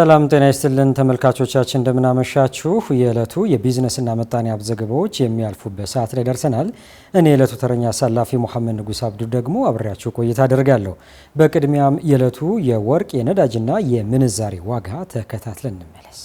ሰላም ጤና ይስጥልን ተመልካቾቻችን፣ እንደምናመሻችሁ። የዕለቱ የቢዝነስና ምጣኔ ሀብት ዘገባዎች የሚያልፉበት ሰዓት ላይ ደርሰናል። እኔ የዕለቱ ተረኛ አሳላፊ ሙሐመድ ንጉስ አብዱ ደግሞ አብሬያችሁ ቆይታ አደርጋለሁ። በቅድሚያም የዕለቱ የወርቅ የነዳጅና የምንዛሬ ዋጋ ተከታትለን እንመለስ።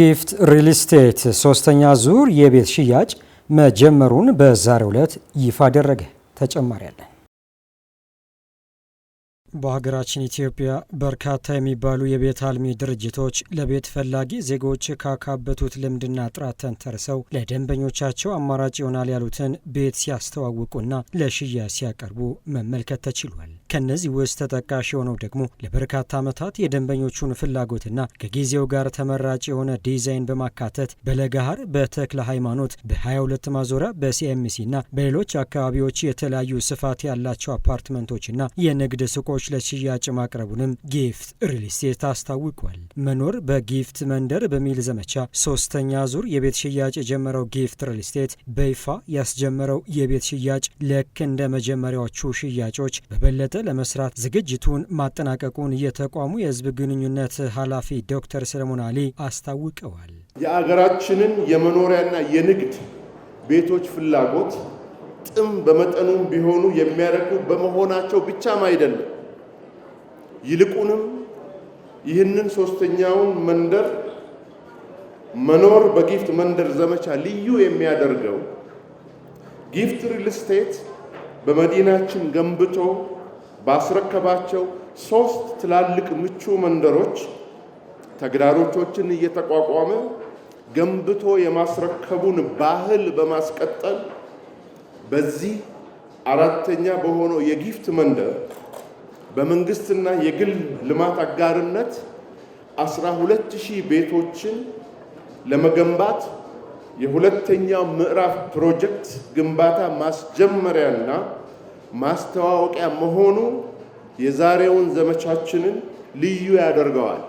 ጊፍት ሪል ስቴት ሶስተኛ ዙር የቤት ሽያጭ መጀመሩን በዛሬው ዕለት ይፋ አደረገ። ተጨማሪ አለ በሀገራችን ኢትዮጵያ በርካታ የሚባሉ የቤት አልሚ ድርጅቶች ለቤት ፈላጊ ዜጎች ካካበቱት ልምድና ጥራት ተንተርሰው ለደንበኞቻቸው አማራጭ ይሆናል ያሉትን ቤት ሲያስተዋውቁና ለሽያጭ ሲያቀርቡ መመልከት ተችሏል። ከእነዚህ ውስጥ ተጠቃሽ የሆነው ደግሞ ለበርካታ ዓመታት የደንበኞቹን ፍላጎትና ከጊዜው ጋር ተመራጭ የሆነ ዲዛይን በማካተት በለጋሃር በተክለ ሃይማኖት፣ በ22 ማዞሪያ፣ በሲኤምሲና በሌሎች አካባቢዎች የተለያዩ ስፋት ያላቸው አፓርትመንቶችና የንግድ ሱቆች ቤቶች ለሽያጭ ማቅረቡንም ጊፍት ሪልስቴት አስታውቋል። መኖር በጊፍት መንደር በሚል ዘመቻ ሶስተኛ ዙር የቤት ሽያጭ የጀመረው ጊፍት ሪልስቴት በይፋ ያስጀመረው የቤት ሽያጭ ልክ እንደ መጀመሪያዎቹ ሽያጮች በበለጠ ለመስራት ዝግጅቱን ማጠናቀቁን የተቋሙ የህዝብ ግንኙነት ኃላፊ ዶክተር ሰለሞን አሊ አስታውቀዋል። የአገራችንን የመኖሪያና የንግድ ቤቶች ፍላጎት ጥም በመጠኑም ቢሆኑ የሚያረኩ በመሆናቸው ብቻም አይደለም ይልቁንም ይህንን ሶስተኛውን መንደር መኖር በጊፍት መንደር ዘመቻ ልዩ የሚያደርገው ጊፍት ሪል ስቴት በመዲናችን ገንብቶ ባስረከባቸው ሶስት ትላልቅ ምቹ መንደሮች ተግዳሮቶችን እየተቋቋመ ገንብቶ የማስረከቡን ባህል በማስቀጠል በዚህ አራተኛ በሆነው የጊፍት መንደር በመንግስትና የግል ልማት አጋርነት 12000 ቤቶችን ለመገንባት የሁለተኛው ምዕራፍ ፕሮጀክት ግንባታ ማስጀመሪያና ማስተዋወቂያ መሆኑ የዛሬውን ዘመቻችንን ልዩ ያደርገዋል።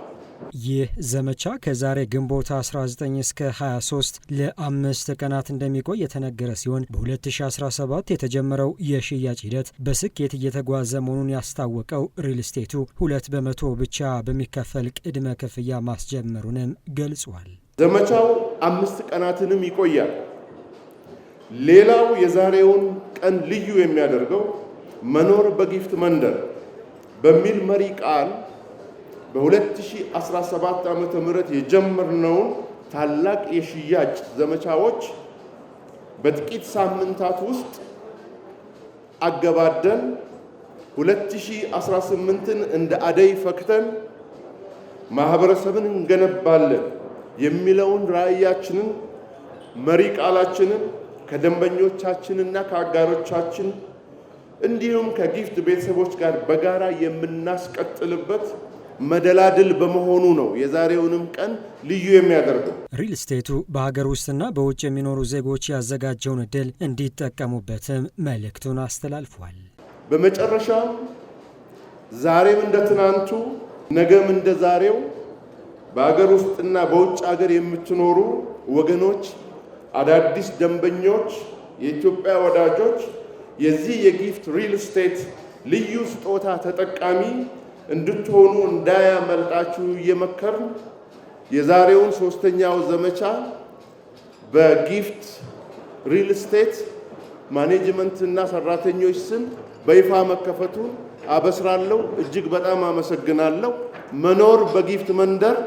ይህ ዘመቻ ከዛሬ ግንቦት 19 እስከ 23 ለአምስት ቀናት እንደሚቆይ የተነገረ ሲሆን በ2017 የተጀመረው የሽያጭ ሂደት በስኬት እየተጓዘ መሆኑን ያስታወቀው ሪል ስቴቱ ሁለት በመቶ ብቻ በሚከፈል ቅድመ ክፍያ ማስጀመሩንም ገልጿል። ዘመቻው አምስት ቀናትንም ይቆያል። ሌላው የዛሬውን ቀን ልዩ የሚያደርገው መኖር በጊፍት መንደር በሚል መሪ ቃል በ2017 ዓ ም የጀመርነውን ታላቅ የሽያጭ ዘመቻዎች በጥቂት ሳምንታት ውስጥ አገባደን 2018ን እንደ አደይ ፈክተን ማህበረሰብን እንገነባለን የሚለውን ራዕያችንን መሪ ቃላችንን ከደንበኞቻችንና ከአጋሮቻችን እንዲሁም ከጊፍት ቤተሰቦች ጋር በጋራ የምናስቀጥልበት መደላድል በመሆኑ ነው የዛሬውንም ቀን ልዩ የሚያደርገው። ሪል ስቴቱ በሀገር ውስጥና በውጭ የሚኖሩ ዜጎች ያዘጋጀውን እድል እንዲጠቀሙበትም መልእክቱን አስተላልፏል። በመጨረሻም ዛሬም እንደ ትናንቱ ነገም እንደ ዛሬው በሀገር ውስጥና በውጭ ሀገር የምትኖሩ ወገኖች፣ አዳዲስ ደንበኞች፣ የኢትዮጵያ ወዳጆች የዚህ የጊፍት ሪል ስቴት ልዩ ስጦታ ተጠቃሚ እንድትሆኑ እንዳያመልጣችሁ እየመከርን የዛሬውን ሶስተኛው ዘመቻ በጊፍት ሪል ስቴት ማኔጅመንት እና ሰራተኞች ስም በይፋ መከፈቱን አበስራለሁ። እጅግ በጣም አመሰግናለሁ። መኖር በጊፍት መንደር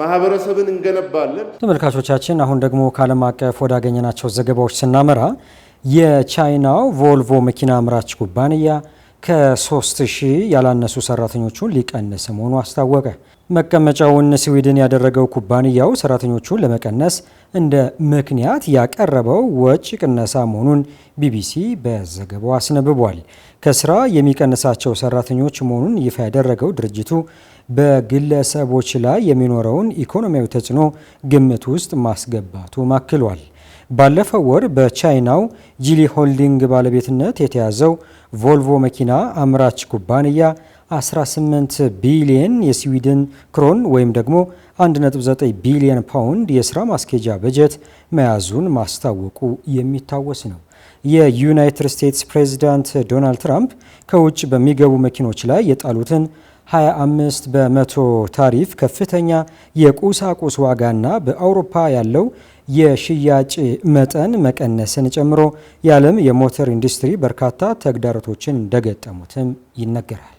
ማህበረሰብን እንገነባለን። ተመልካቾቻችን አሁን ደግሞ ከዓለም አቀፍ ወዳገኘናቸው ዘገባዎች ስናመራ የቻይናው ቮልቮ መኪና አምራች ኩባንያ ከሶስት ሺህ ያላነሱ ሰራተኞቹን ሊቀንስ መሆኑ አስታወቀ። መቀመጫውን ስዊድን ያደረገው ኩባንያው ሰራተኞቹን ለመቀነስ እንደ ምክንያት ያቀረበው ወጪ ቅነሳ መሆኑን ቢቢሲ በዘገባው አስነብቧል። ከስራ የሚቀንሳቸው ሰራተኞች መሆኑን ይፋ ያደረገው ድርጅቱ በግለሰቦች ላይ የሚኖረውን ኢኮኖሚያዊ ተጽዕኖ ግምት ውስጥ ማስገባቱ ማክሏል። ባለፈው ወር በቻይናው ጂሊ ሆልዲንግ ባለቤትነት የተያዘው ቮልቮ መኪና አምራች ኩባንያ 18 ቢሊየን የስዊድን ክሮን ወይም ደግሞ 1.9 ቢሊየን ፓውንድ የስራ ማስኬጃ በጀት መያዙን ማስታወቁ የሚታወስ ነው። የዩናይትድ ስቴትስ ፕሬዚዳንት ዶናልድ ትራምፕ ከውጭ በሚገቡ መኪኖች ላይ የጣሉትን 25 በመቶ ታሪፍ ከፍተኛ የቁሳቁስ ዋጋና በአውሮፓ ያለው የሽያጭ መጠን መቀነስን ጨምሮ የዓለም የሞተር ኢንዱስትሪ በርካታ ተግዳሮቶችን እንደገጠሙትም ይነገራል።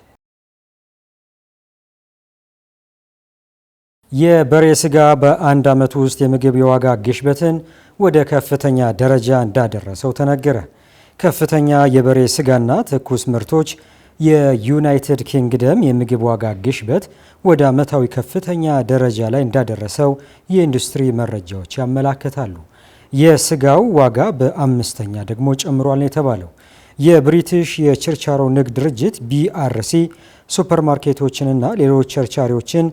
የበሬ ስጋ በአንድ ዓመት ውስጥ የምግብ የዋጋ ግሽበትን ወደ ከፍተኛ ደረጃ እንዳደረሰው ተነገረ። ከፍተኛ የበሬ ስጋና ትኩስ ምርቶች የዩናይትድ ኪንግደም የምግብ ዋጋ ግሽበት ወደ ዓመታዊ ከፍተኛ ደረጃ ላይ እንዳደረሰው የኢንዱስትሪ መረጃዎች ያመላክታሉ። የስጋው ዋጋ በአምስተኛ ደግሞ ጨምሯል የተባለው። የብሪቲሽ የችርቻሮ ንግድ ድርጅት ቢአርሲ ሱፐርማርኬቶችንና ሌሎች ቸርቻሪዎችን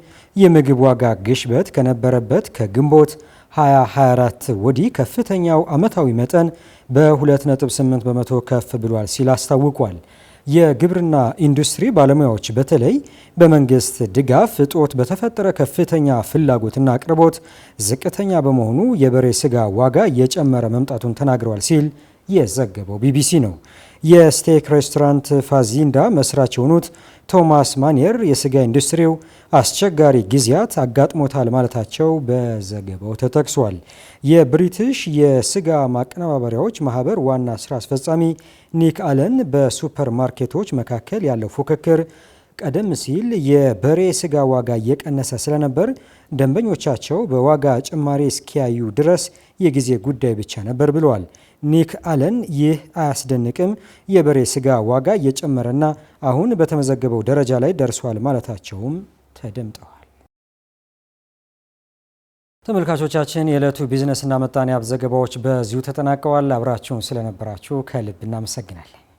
የምግብ ዋጋ ግሽበት ከነበረበት ከግንቦት 2024 ወዲህ ከፍተኛው ዓመታዊ መጠን በ2.8 በመቶ ከፍ ብሏል ሲል አስታውቋል። የግብርና ኢንዱስትሪ ባለሙያዎች በተለይ በመንግስት ድጋፍ እጦት በተፈጠረ ከፍተኛ ፍላጎትና አቅርቦት ዝቅተኛ በመሆኑ የበሬ ስጋ ዋጋ እየጨመረ መምጣቱን ተናግረዋል ሲል የዘገበው ቢቢሲ ነው። የስቴክ ሬስቶራንት ፋዚንዳ መስራች የሆኑት ቶማስ ማኒየር የስጋ ኢንዱስትሪው አስቸጋሪ ጊዜያት አጋጥሞታል ማለታቸው በዘገባው ተጠቅሷል። የብሪትሽ የስጋ ማቀነባበሪያዎች ማህበር ዋና ስራ አስፈጻሚ ኒክ አለን በሱፐር ማርኬቶች መካከል ያለው ፉክክር ቀደም ሲል የበሬ ስጋ ዋጋ እየቀነሰ ስለነበር ደንበኞቻቸው በዋጋ ጭማሪ እስኪያዩ ድረስ የጊዜ ጉዳይ ብቻ ነበር ብለዋል ኒክ አለን። ይህ አያስደንቅም፣ የበሬ ስጋ ዋጋ እየጨመረና አሁን በተመዘገበው ደረጃ ላይ ደርሷል ማለታቸውም ተደምጠዋል። ተመልካቾቻችን የዕለቱ ቢዝነስና ምጣኔ ሀብት ዘገባዎች በዚሁ ተጠናቀዋል። አብራችሁን ስለነበራችሁ ከልብ እናመሰግናለን።